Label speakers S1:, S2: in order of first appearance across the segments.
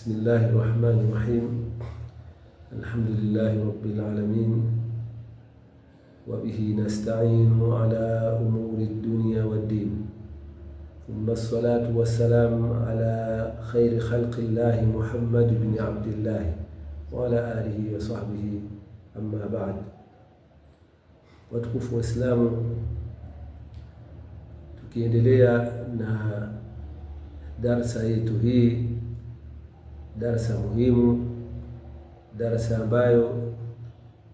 S1: بسم الله الرحمن الرحيم الحمد لله رب العالمين وبه نستعين على أمور الدنيا والدين ثم الصلاة والسلام على خير خلق الله محمد بن عبد الله وعلى آله وصحبه أما بعد watukufu Waislamu, تكيد لي أن yetu hii darasa muhimu, darasa ambayo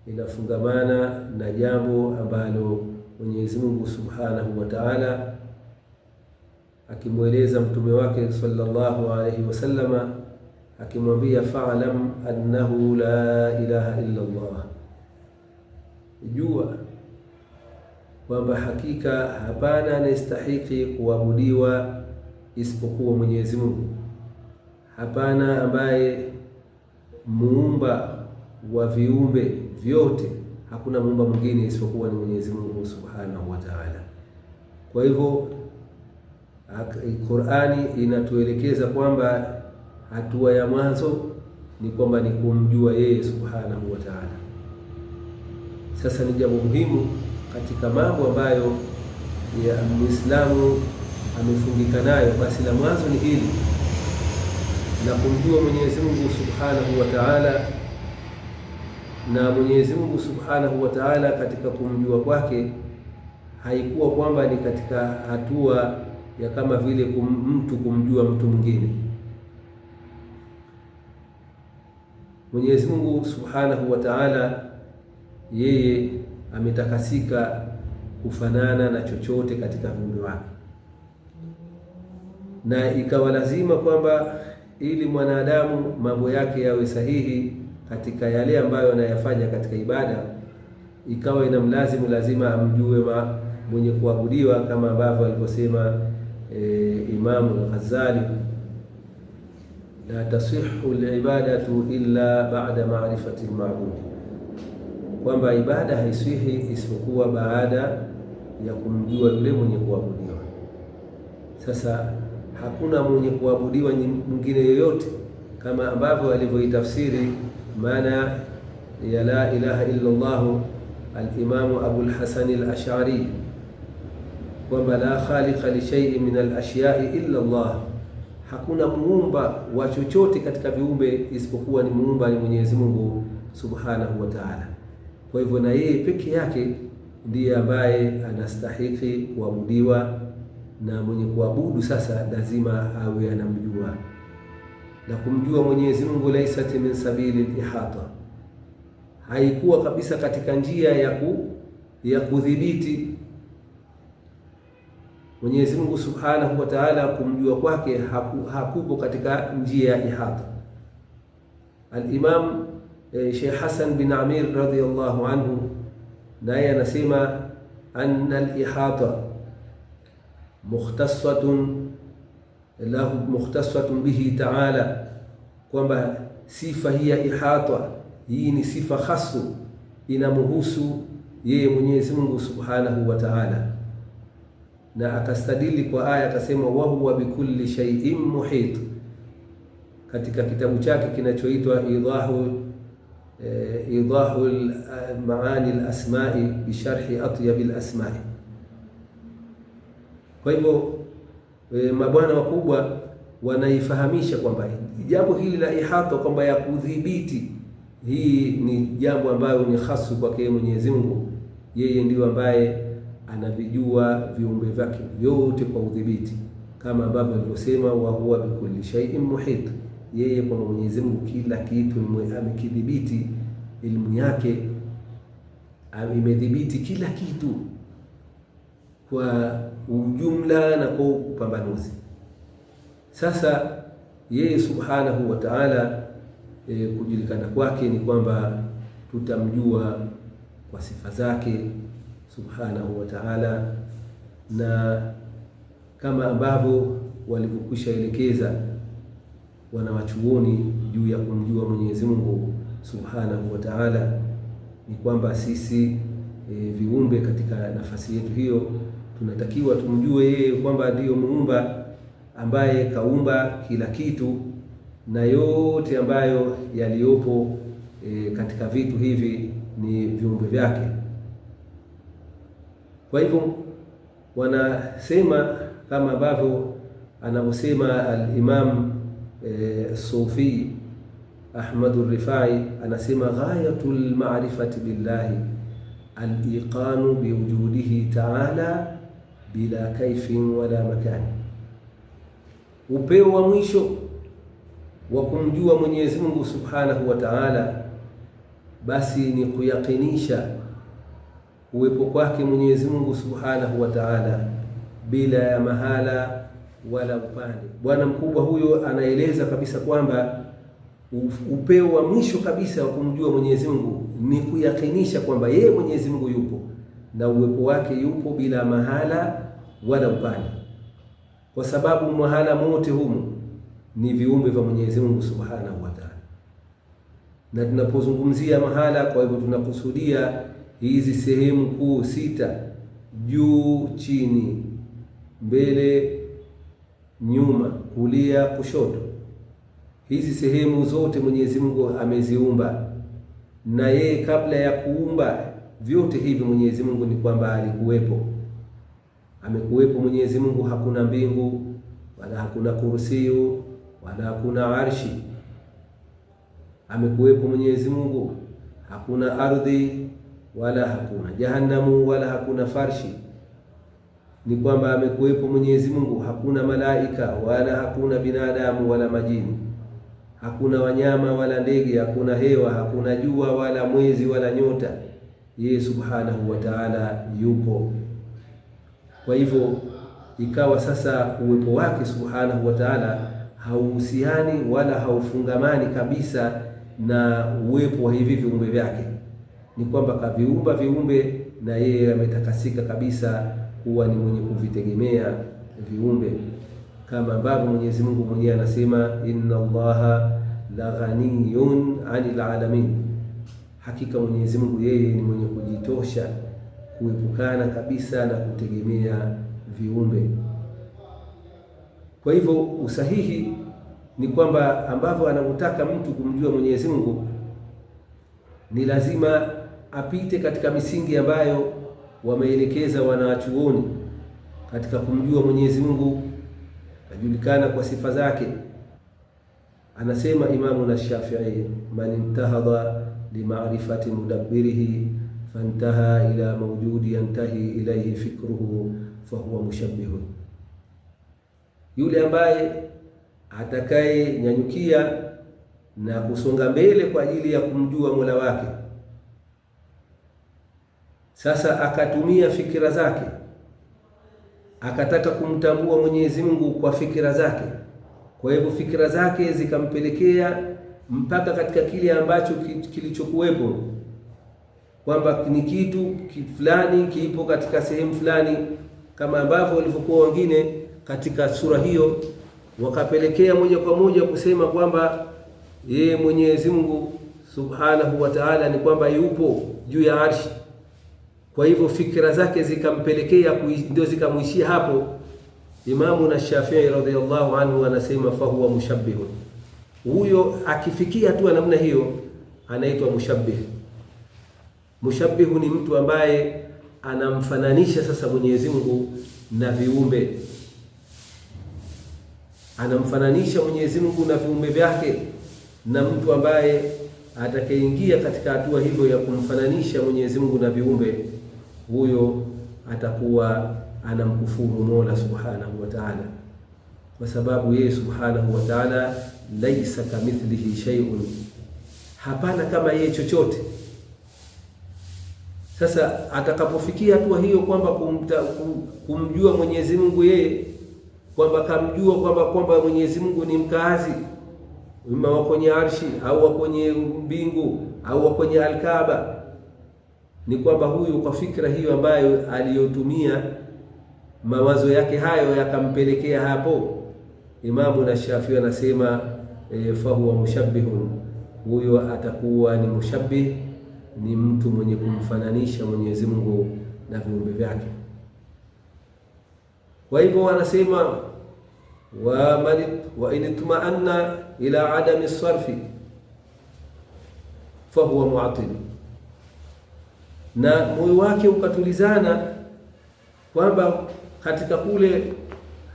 S1: inafungamana na jambo ambalo Mwenyezi Mungu Subhanahu wa Ta'ala akimweleza mtume wake sallallahu alayhi wasallama akimwambia fa'lam annahu la ilaha illa Allah, jua kwamba hakika hapana anayestahiki kuabudiwa isipokuwa Mwenyezi Mungu hapana ambaye muumba wa viumbe vyote, hakuna muumba mwingine isipokuwa ni Mwenyezi Mungu Subhanahu wa Ta'ala. Kwa hivyo Qur'ani inatuelekeza kwamba hatua ya mwanzo ni kwamba ni kumjua yeye Subhanahu wa Ta'ala. Sasa ni jambo muhimu katika mambo ambayo ya Muislamu amefungika nayo, basi la mwanzo ni hili na kumjua Mwenyezi Mungu Subhanahu wa Ta'ala. Na Mwenyezi Mungu Subhanahu wa Ta'ala katika kumjua kwake haikuwa kwamba ni katika hatua ya kama vile kum, mtu kumjua mtu mwingine. Mwenyezi Mungu Subhanahu wa Ta'ala yeye ametakasika kufanana na chochote katika viumbe wake, na ikawa lazima kwamba ili mwanadamu mambo yake yawe sahihi katika yale ambayo anayafanya katika ibada, ikawa ina mlazimu lazima amjue ma mwenye kuabudiwa kama ambavyo alivyosema e, Imamu Al-Ghazali, la tasihu al-ibadatu illa ba'da ma'rifati al kwamba ibada haiswihi isipokuwa baada ya kumjua yule mwenye kuabudiwa. Sasa hakuna mwenye kuabudiwa mwingine yoyote, kama ambavyo alivyoitafsiri maana ya la ilaha illa llahu alimamu imam Abu al-Ash'ari kwamba la khaliqa li shay'in min al-ashyai illa Allah, hakuna muumba wa chochote katika viumbe isipokuwa ni muumba ni Mwenyezi Mungu subhanahu wa ta'ala. Kwa hivyo na yeye peke yake ndiye ambaye anastahiki kuabudiwa na mwenye kuabudu sasa lazima awe anamjua na kumjua Mwenyezi Mungu. Laisat min sabili ihata, haikuwa kabisa katika njia ya ku ya kudhibiti Mwenyezi Mungu Subhanahu wa Ta'ala. Kumjua kwake hakupo katika njia ya ihata. Al-Imam eh, Sheikh Hassan bin Amir radhiyallahu anhu naye anasema anna al-ihata mukhtasatun lahu mukhtasatun bihi ta'ala, kwamba sifa hii ya ihata hii ni sifa khasu inamuhusu yeye Mwenyezi Mungu Subhanahu wa Ta'ala, na akastadili kwa aya akasema, wa huwa bikulli shay'in muhit, katika kitabu chake kinachoitwa idahu eh, idahu eh, maani al-asma'i bi sharhi al kwa hivyo e, mabwana wakubwa wanaifahamisha kwamba jambo hili la ihata kwamba ya kudhibiti hii ni jambo ambayo ni hasu kwake Mwenyezi Mungu. Yeye ndiyo ambaye anavijua viumbe vyake vyote kwa udhibiti, kama ambavyo alivyosema wa huwa bikulli shay'in muhit, yeye kwa Mwenyezi Mungu kila kitu amekidhibiti. Elimu yake imedhibiti kila kitu kwa ujumla na kwa upambanuzi. Sasa yeye subhanahu wa ta'ala, e, kujulikana kwake ni kwamba tutamjua kwa sifa zake subhanahu wa ta'ala, na kama ambavyo walivyokwisha elekeza wanawachuoni juu ya kumjua Mwenyezi Mungu subhanahu wa ta'ala, ni kwamba sisi e, viumbe katika nafasi yetu hiyo tunatakiwa tumjue yeye kwamba ndiyo muumba ambaye kaumba kila kitu na yote ambayo yaliyopo e, katika vitu hivi ni viumbe vyake. Kwa hivyo wanasema kama ambavyo anavyosema al-Imam e, Sufi Ahmadu Rifai anasema ghayatul ma'rifati billahi al-iqanu biwujudihi ta'ala bila kaifin wala makani, upeo wa mwisho wa kumjua Mwenyezi Mungu Subhanahu wa Ta'ala, basi ni kuyakinisha uwepo kwake Mwenyezi Mungu Subhanahu wa Ta'ala bila ya mahala wala upande. Bwana mkubwa huyo anaeleza kabisa kwamba upeo wa mwisho kabisa wa kumjua Mwenyezi Mungu ni kuyakinisha kwamba yeye Mwenyezi Mungu yupo na uwepo wake yupo bila mahala wala upani kwa sababu mahala mote humu ni viumbe vya Mwenyezi Mungu Subhanahu wa Ta'ala. Na tunapozungumzia mahala, kwa hivyo tunakusudia hizi sehemu kuu sita: juu, chini, mbele, nyuma, kulia, kushoto. Hizi sehemu zote Mwenyezi Mungu ameziumba, na yeye kabla ya kuumba vyote hivi Mwenyezi Mungu ni kwamba alikuwepo amekuwepo Mwenyezi Mungu, hakuna mbingu wala hakuna kursiyu wala hakuna arshi. Amekuwepo Mwenyezi Mungu, hakuna ardhi wala hakuna jahannamu wala hakuna farshi. Ni kwamba amekuwepo Mwenyezi Mungu, hakuna malaika wala hakuna binadamu wala majini, hakuna wanyama wala ndege, hakuna hewa, hakuna jua wala mwezi wala nyota. Yeye subhanahu wa ta'ala yupo kwa hivyo ikawa sasa uwepo wake subhanahu wa taala hauhusiani wala haufungamani kabisa na uwepo wa hivi viumbe vyake. Ni kwamba kaviumba viumbe na yeye ametakasika kabisa kuwa ni mwenye kuvitegemea viumbe, kama ambavyo Mwenyezi Mungu mwenyewe anasema, inna Allaha la ghaniyun anil alamin, hakika Mwenyezi Mungu yeye ni mwenye kujitosha kuepukana kabisa na kutegemea viumbe. Kwa hivyo usahihi ni kwamba ambavyo anamtaka mtu kumjua Mwenyezi Mungu ni lazima apite katika misingi ambayo wameelekeza wanachuoni katika kumjua Mwenyezi Mungu, ajulikana kwa sifa zake. Anasema Imamu na Shafi'i, man intahadha limarifati mudabbirihi فانتهى ila موجود ينتهي ilaihi fikruhu fahuwa مشبه yule ambaye atakayenyanyukia na kusonga mbele kwa ajili ya kumjua Mola wake, sasa akatumia fikira zake akataka kumtambua Mwenyezi Mungu kwa fikira zake. Kwa hivyo fikira zake zikampelekea mpaka katika kile ambacho kilichokuwepo kwamba ni kitu fulani kipo katika sehemu fulani, kama ambavyo walivyokuwa wengine katika sura hiyo, wakapelekea moja kwa moja kusema kwamba yeye Mwenyezi Mungu Subhanahu wa Ta'ala ni kwamba yupo juu ya arshi. Kwa hivyo fikra zake zikampelekea ndio zikamwishia hapo. Imamu na Shafii radhiyallahu anhu anasema fahuwa mushabbihun, huyo akifikia tu namna hiyo anaitwa mushabbih. Mushabihu ni mtu ambaye anamfananisha sasa Mwenyezi Mungu na viumbe, anamfananisha Mwenyezi Mungu na viumbe vyake, na mtu ambaye atakayeingia katika hatua hivyo ya kumfananisha Mwenyezi Mungu na viumbe, huyo atakuwa anamkufuru Mola Subhanahu wa Ta'ala, kwa sababu yeye Subhanahu wa Ta'ala laisa kamithlihi shay'un, hapana kama yeye chochote sasa atakapofikia hatua hiyo kwamba kumta, kum, kumjua Mwenyezi Mungu yeye kwamba kamjua kwamba kwamba Mwenyezi Mungu ni mkaazi ima wa kwenye arshi au wa kwenye mbingu au wa kwenye alkaba ni kwamba huyu kwa fikra hiyo ambayo aliyotumia mawazo yake hayo yakampelekea hapo. Imamu na Shafi anasema eh, fahuwa mushabbihun, huyo atakuwa ni mushabbih ni mtu mwenye kumfananisha Mwenyezi Mungu na viumbe vyake. Kwa hivyo wanasema wa in tumanna ila adami sarfi fahuwa mu'til, na moyo wake ukatulizana kwamba katika kule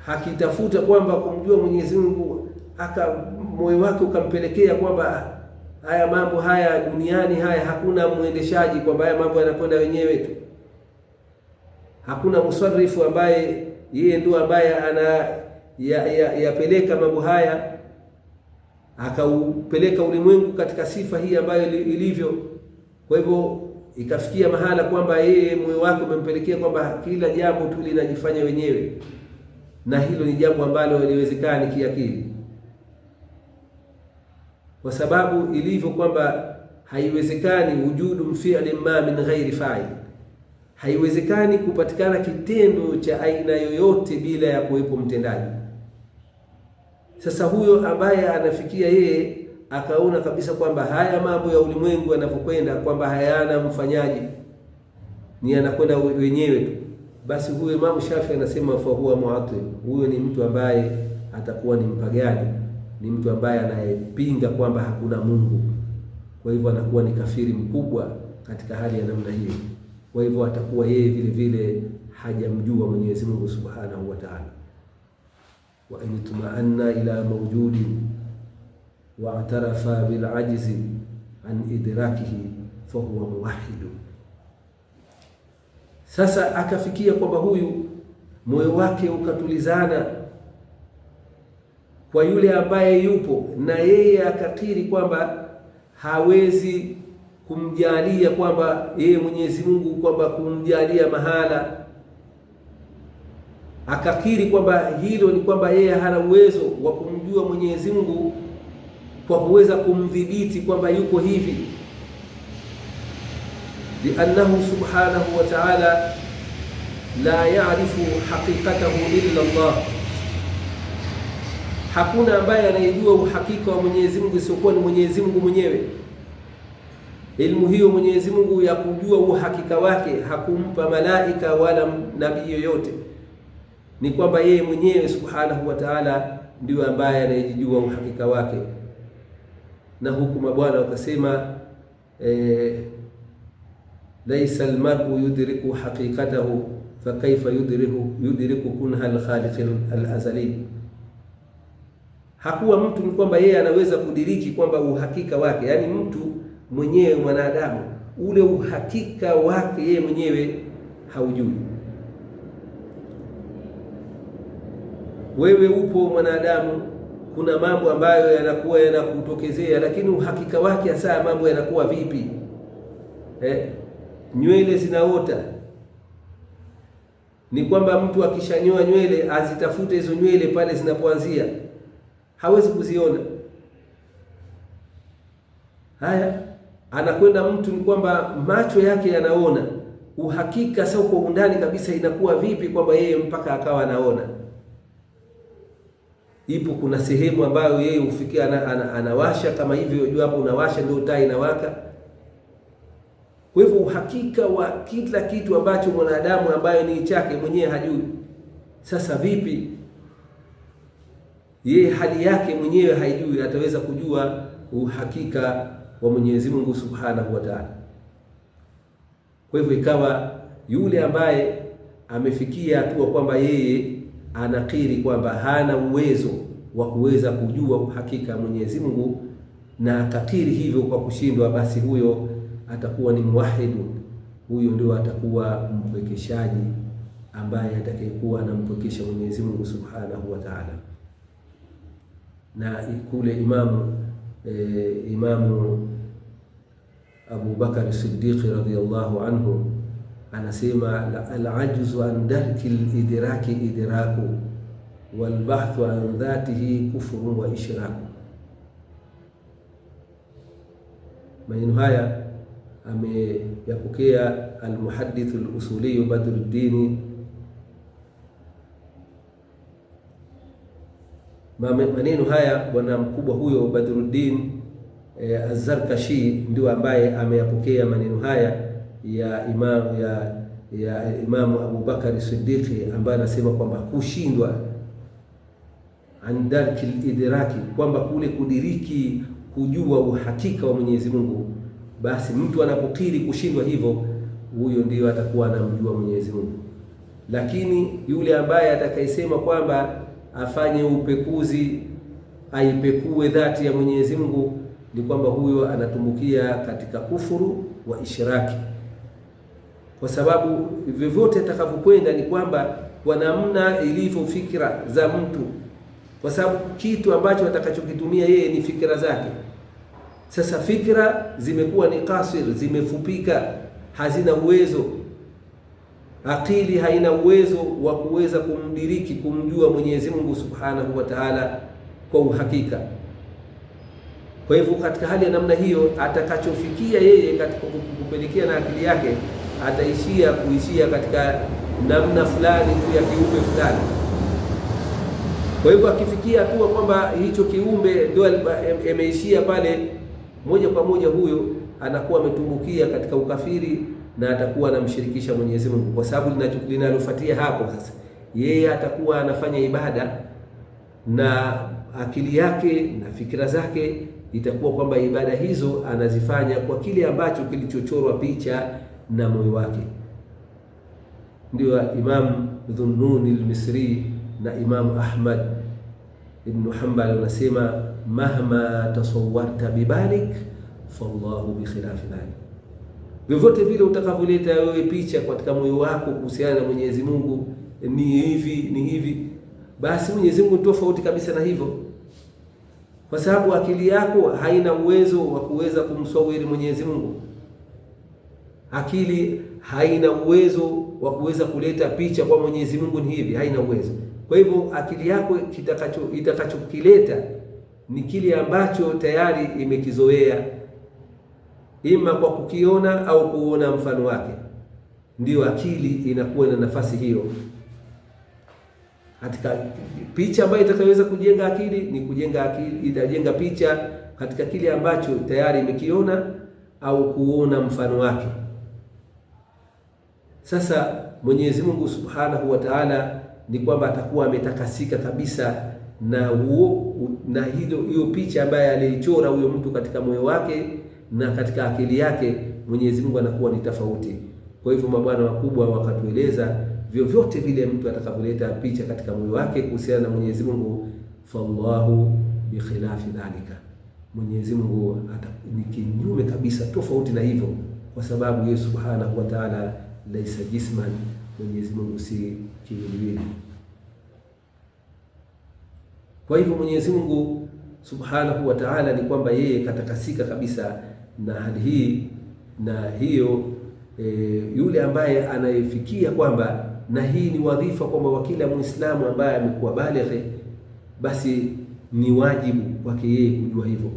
S1: hakitafuta kwamba kumjua Mwenyezi Mungu, aka moyo wake ukampelekea kwamba haya mambo haya duniani haya, hakuna mwendeshaji kwamba haya mambo yanakwenda wenyewe tu. Hakuna musarifu ambaye yeye ndio ambaye ana yapeleka ya, ya mambo haya akaupeleka ulimwengu katika sifa hii ambayo ilivyo. Kwa hivyo ikafikia mahala kwamba yeye moyo wake umempelekea kwamba kila jambo tu linajifanya wenyewe, na hilo ni jambo ambalo haliwezekani kiakili kwa sababu ilivyo kwamba haiwezekani wujudu mfili ma min ghairi fa'il, haiwezekani kupatikana kitendo cha aina yoyote bila ya kuwepo mtendaji. Sasa huyo ambaye anafikia yeye akaona kabisa kwamba haya mambo ya ulimwengu yanavyokwenda kwamba hayana mfanyaji, ni anakwenda wenyewe tu, basi huyo Imamu Shafi anasema fahuwa muatil, huyo ni mtu ambaye atakuwa ni mpagani ni mtu ambaye anayepinga kwamba hakuna Mungu. Kwa hivyo anakuwa ni kafiri mkubwa katika hali ya namna hiyo. Kwa hivyo atakuwa yeye vile vile hajamjua Mwenyezi Mungu Subhanahu wa Ta'ala. wa in tumaanna ila mawjudi wa'tarafa bil ajzi an idrakihi fa huwa muwahhid. Sasa akafikia kwamba huyu moyo wake ukatulizana kwa yule ambaye yupo na yeye akakiri kwamba hawezi kumjalia kwamba yeye Mwenyezi Mungu kwamba kumjalia mahala, akakiri kwamba hilo ni kwamba yeye hana uwezo wa kumjua Mwenyezi Mungu kwa kuweza kumdhibiti kwamba yuko hivi, liannahu subhanahu wa ta'ala la ya'rifu haqiqatahu illa Allah Hakuna ambaye anayejua uhakika wa Mwenyezi Mungu isiyokuwa ni Mwenyezi Mungu mwenyewe. ilmu hiyo Mwenyezi Mungu ya kujua uhakika wake hakumpa malaika wala nabii yoyote, ni kwamba yeye mwenyewe subhanahu wa taala ndiyo ambaye anayejijua uhakika wake. Na huku mabwana wakasema eh, laisa almaru yudriku haqiqatahu fakaifa yudriku kunha alkhaliq alazali hakuwa mtu ni kwamba yeye anaweza kudiriki kwamba uhakika wake, yaani mtu mwenyewe mwanadamu ule uhakika wake yeye mwenyewe haujui. Wewe upo mwanadamu, kuna mambo ambayo yanakuwa yanakutokezea, lakini uhakika wake hasa mambo yanakuwa vipi eh? Nywele zinaota ni kwamba mtu akishanyoa nywele azitafute hizo nywele pale zinapoanzia hawezi kuziona. Haya, anakwenda mtu ni kwamba macho yake yanaona, uhakika sio kwa undani kabisa inakuwa vipi kwamba yeye mpaka akawa anaona. Ipo kuna sehemu ambayo yeye hufikia ana, ana, anawasha kama hivi, jua hapo unawasha ndio taa inawaka. Kwa hivyo uhakika wa kila kitu ambacho mwanadamu ambayo ni chake mwenyewe hajui. Sasa vipi yeye hali yake mwenyewe haijui, ataweza kujua uhakika wa Mwenyezi Mungu Subhanahu wa Ta'ala. Kwa hivyo ikawa yule ambaye amefikia hatua kwamba yeye anakiri kwamba hana uwezo wa kuweza kujua uhakika Mwenyezi Mungu na akakiri hivyo kwa kushindwa, basi huyo atakuwa ni muwahidun, huyo ndio atakuwa mpwekeshaji ambaye atakayekuwa anampwekesha Mwenyezi Mungu Subhanahu wa Ta'ala. na kule imamu e, imamu Abu Bakar Siddiqi radhiyallahu anhu anasema alajzu an darki lidraki idraku walbahthu an dhatihi kufru wa ishraku. Maneno haya ameyapokea almuhadithu alusuliyu Badruddini Maneno haya bwana mkubwa huyo Badruddin e, eh, Azarkashi zarkashi ndio ambaye ameyapokea maneno haya ya imam ya, ya Imamu Abubakari Siddiqi ambaye anasema kwamba kushindwa andarki idraki, kwamba kule kudiriki kujua uhakika wa Mwenyezi Mungu, basi mtu anapokiri kushindwa hivyo, huyo ndiyo atakuwa anamjua Mwenyezi Mungu. Lakini yule ambaye atakayesema kwamba afanye upekuzi, aipekue dhati ya Mwenyezi Mungu, ni kwamba huyo anatumbukia katika kufuru wa ishiraki, kwa sababu vyovyote atakavyokwenda ni kwamba kwa namna ilivyo fikra za mtu, kwa sababu kitu ambacho atakachokitumia yeye ni fikra zake. Sasa fikra zimekuwa ni kasir, zimefupika, hazina uwezo Akili haina uwezo wa kuweza kumdiriki kumjua Mwenyezi Mungu Subhanahu wa Ta'ala kwa uhakika. Kwa hivyo katika hali ya namna hiyo, atakachofikia yeye katika kupelekea na akili yake ataishia kuishia katika namna fulani tu ya kiumbe fulani. Kwa hivyo akifikia hatua kwamba hicho kiumbe ndio imeishia pale, moja kwa moja huyo anakuwa ametumbukia katika ukafiri na atakuwa anamshirikisha Mwenyezi Mungu, kwa sababu linalofuatia hapo sasa, yeye atakuwa anafanya ibada na akili yake na fikira zake itakuwa kwamba ibada hizo anazifanya kwa kile ambacho kilichochorwa picha na moyo wake. Ndio Imam Dhunnun al-Misri na Imam Ahmad ibn Hanbal wanasema mahma tasawwarta bibalik fallahu bikhilafi dhalik Vyovyote vile utakavyoleta wewe picha katika moyo wako kuhusiana na Mwenyezi Mungu, ni hivi ni hivi, basi Mwenyezi Mungu tofauti kabisa na hivyo, kwa sababu akili yako haina uwezo wa kuweza kumsawiri Mwenyezi Mungu. Akili haina uwezo wa kuweza kuleta picha kwa Mwenyezi Mungu ni hivi, haina uwezo. Kwa hivyo akili yako itakachokileta ni kile ambacho tayari imekizoea ima kwa kukiona au kuona mfano wake, ndiyo akili inakuwa na nafasi hiyo. Katika picha ambayo itakayoweza kujenga akili ni kujenga akili, itajenga picha katika kile ambacho tayari imekiona au kuona mfano wake. Sasa Mwenyezi Mungu Subhanahu wa Ta'ala ni kwamba atakuwa ametakasika kabisa na huo na hilo hiyo picha ambayo aliichora huyo mtu katika moyo wake na katika akili yake Mwenyezi Mungu anakuwa ni tofauti. Kwa hivyo mabwana wakubwa wakatueleza vyovyote vile mtu atakavyoleta picha katika moyo wake kuhusiana na Mwenyezi Mungu, fallahu bikhilafi dhalika, Mwenyezi Mungu ni kinyume kabisa, tofauti na hivyo, kwa sababu yeye subhanahu wa ta'ala laisa jisman, Mwenyezi Mungu si kiwiliwili. Kwa hivyo Mwenyezi Mungu subhanahu wa ta'ala ni kwamba yeye katakasika kabisa na hali hii na hiyo e, yule ambaye anayefikia kwamba na hii ni wadhifa kwamba wa kila Muislamu ambaye amekuwa balighi, basi ni wajibu kwake yeye kujua hivyo,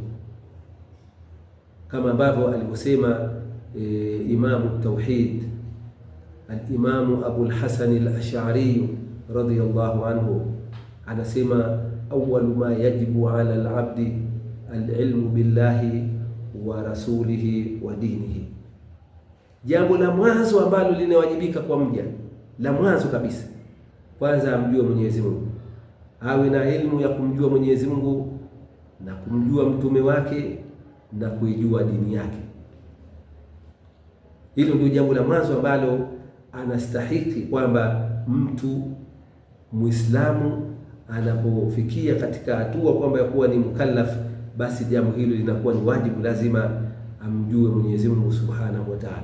S1: kama ambavyo alivyosema e, Imamu Tauhid Alimamu Abu Lhasan Lashari ashari anhu anasema, awalu ma yajibu ala labdi alilmu billahi wa rasulihi wa dinihi. Jambo la mwanzo ambalo linawajibika kwa mja, la mwanzo kabisa, kwanza amjue Mwenyezi Mungu, awe na elimu ya kumjua Mwenyezi Mungu na kumjua mtume wake na kuijua dini yake. Hilo ndio jambo la mwanzo ambalo anastahiki kwamba mtu Muislamu anapofikia katika hatua kwamba ya kuwa ni mukallaf basi jambo hilo linakuwa ni wajibu, lazima amjue Mwenyezi Mungu Subhanahu wa Ta'ala,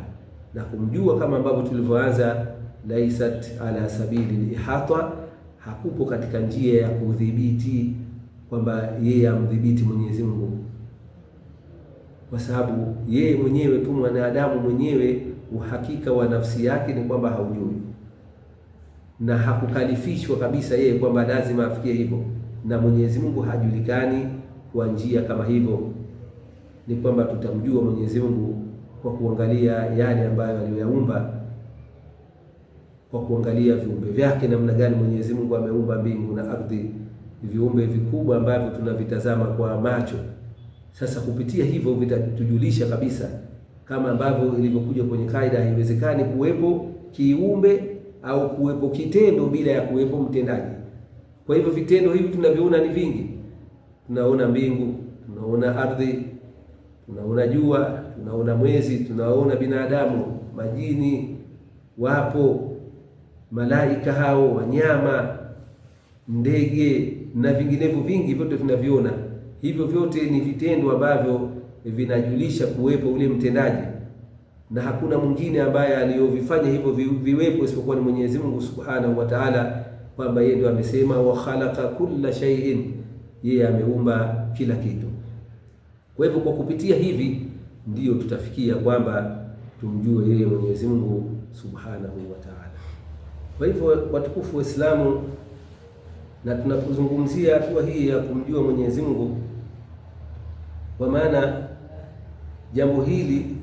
S1: na kumjua kama ambavyo tulivyoanza, laisat ala sabili ihata, hakupo katika njia ya kudhibiti kwamba yeye amdhibiti Mwenyezi Mungu, kwa sababu yeye mwenyewe tu mwanadamu mwenyewe uhakika wa nafsi yake ni kwamba haujui na hakukalifishwa kabisa yeye kwamba lazima afikie hivyo, na Mwenyezi Mungu hajulikani kwa njia kama hivyo, ni kwamba tutamjua Mwenyezi Mungu kwa kuangalia yale ambayo aliyoyaumba, kwa kuangalia viumbe vyake, namna gani Mwenyezi Mungu ameumba mbingu na ardhi, viumbe vikubwa ambavyo tunavitazama kwa macho. Sasa kupitia hivyo vitatujulisha kabisa, kama ambavyo ilivyokuja kwenye kaida, haiwezekani kuwepo kiumbe au kuwepo kitendo bila ya kuwepo mtendaji. Kwa hivyo vitendo hivi tunavyoona ni vingi tunaona mbingu, tunaona ardhi, tunaona jua, tunaona mwezi, tunaona binadamu, majini wapo, malaika hao, wanyama, ndege na vinginevyo vingi, vyote tunavyoona. Hivyo vyote ni vitendo ambavyo vinajulisha kuwepo ule mtendaji, na hakuna mwingine ambaye aliyovifanya hivyo viwepo isipokuwa ni Mwenyezi Mungu Subhanahu wa Ta'ala, kwamba yeye ndio amesema wa khalaqa kulla shay'in yeye ameumba kila kitu. Kwa hivyo kwa kupitia hivi ndiyo tutafikia kwamba tumjue yeye Mwenyezi Mungu Subhanahu wa Ta'ala. Kwa hivyo watukufu Waislamu, na tunapozungumzia hatua hii ya kumjua Mwenyezi Mungu, kwa maana jambo hili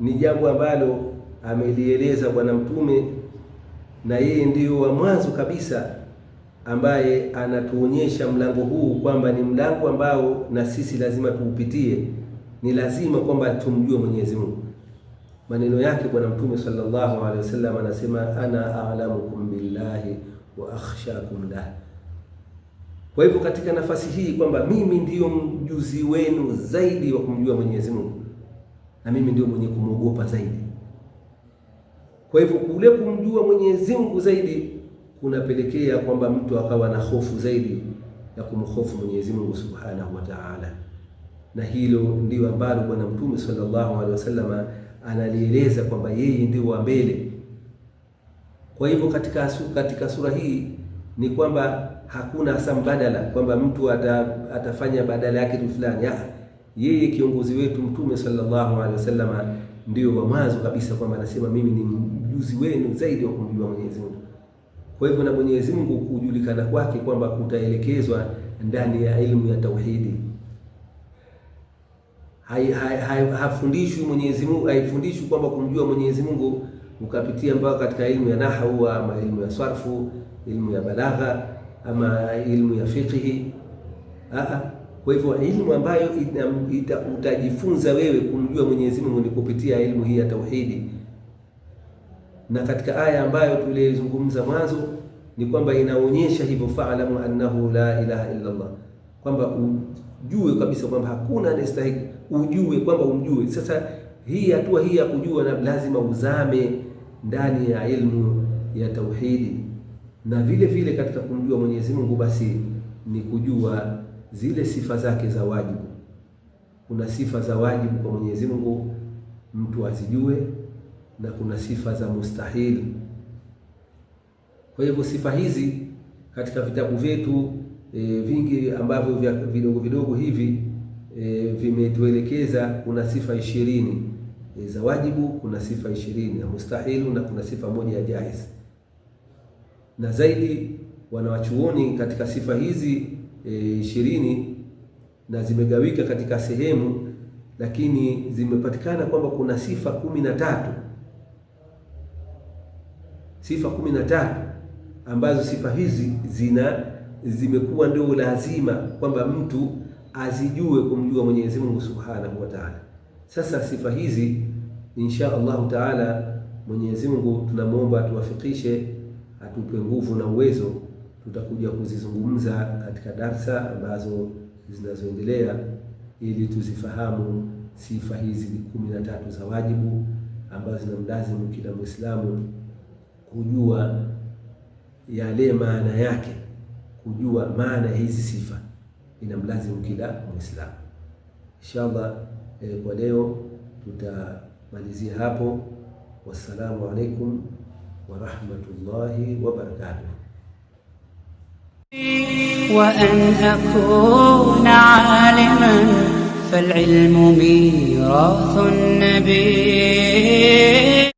S1: ni jambo ambalo amelieleza Bwana Mtume na yeye ndiyo wa mwanzo kabisa ambaye anatuonyesha mlango huu kwamba ni mlango ambao na sisi lazima tuupitie, ni lazima kwamba tumjue Mwenyezi Mungu. Maneno yake Bwana Mtume sallallahu alaihi wasallam anasema, ana a'lamukum billahi wa akhshakum lah. Kwa hivyo katika nafasi hii kwamba mimi ndiyo mjuzi wenu zaidi wa kumjua Mwenyezi Mungu na mimi ndio mwenye kumwogopa zaidi. Kwa hivyo kule kumjua Mwenyezi Mungu zaidi kunapelekea kwamba mtu akawa na hofu zaidi ya kumhofu Mwenyezi Mungu Subhanahu wa Ta'ala, na hilo ndio ambalo Bwana Mtume sallallahu alaihi wasallam analieleza kwamba yeye ndio wa mbele. Kwa hivyo katika, katika sura hii ni kwamba hakuna hasa mbadala kwamba mtu ata, atafanya badala yake tu fulani ya, yeye kiongozi wetu Mtume sallallahu alaihi wasallam ndio wa mwanzo kabisa kwamba anasema mimi ni mjuzi wenu zaidi wa kumjua Mwenyezi Mungu kwa hivyo na Mwenyezi Mungu kujulikana kwake kwamba utaelekezwa ndani ya elimu ya tauhidi. Hafundishwi Mwenyezi Mungu, haifundishwi kwamba kumjua Mwenyezi Mungu ukapitia mbao katika elimu ya nahwu ama elimu ya sarfu, elimu ya balagha ama elimu ya fiqhi. Kwa hivyo elimu ambayo utajifunza wewe kumjua Mwenyezi Mungu ni kupitia elimu hii ya tauhidi na katika aya ambayo tulizungumza mwanzo ni kwamba inaonyesha hivyo, faalamu annahu la ilaha illa Allah, kwamba ujue kabisa kwamba hakuna anayestahili, ujue kwamba umjue. Sasa hii hatua hii ya kujua na lazima uzame ndani ya ilmu ya tauhidi, na vile vile katika kumjua Mwenyezi Mungu basi ni kujua zile sifa zake za wajibu. Kuna sifa za wajibu kwa Mwenyezi Mungu mtu azijue na kuna sifa za mustahil. Kwa hivyo sifa hizi katika vitabu vyetu e, vingi ambavyo vya vidogo vidogo hivi e, vimetuelekeza kuna sifa ishirini e, za wajibu, kuna sifa ishirini ya mustahilu na kuna sifa moja ya jaiz. Na zaidi wanawachuoni katika sifa hizi e, ishirini na zimegawika katika sehemu, lakini zimepatikana kwamba kuna sifa kumi na tatu sifa kumi na tatu ambazo sifa hizi zina zimekuwa ndio lazima kwamba mtu azijue kumjua Mwenyezi Mungu Subhanahu wa Ta'ala. Sasa sifa hizi insha Allahu Ta'ala, Mwenyezi Mungu tunamwomba atuwafikishe, atupe nguvu na uwezo. Tutakuja kuzizungumza katika darsa ambazo zinazoendelea ili tuzifahamu sifa hizi kumi na tatu za wajibu ambazo zinamlazimu kila Muislamu kujua yale maana yake, kujua maana hizi sifa inamlazimu kila Muislamu. Inshallah eh, kwa leo tutamalizia hapo. Wassalamu alaikum wa rahmatullahi
S2: wa barakatuh. وأن أكون عالما فالعلم ميراث النبي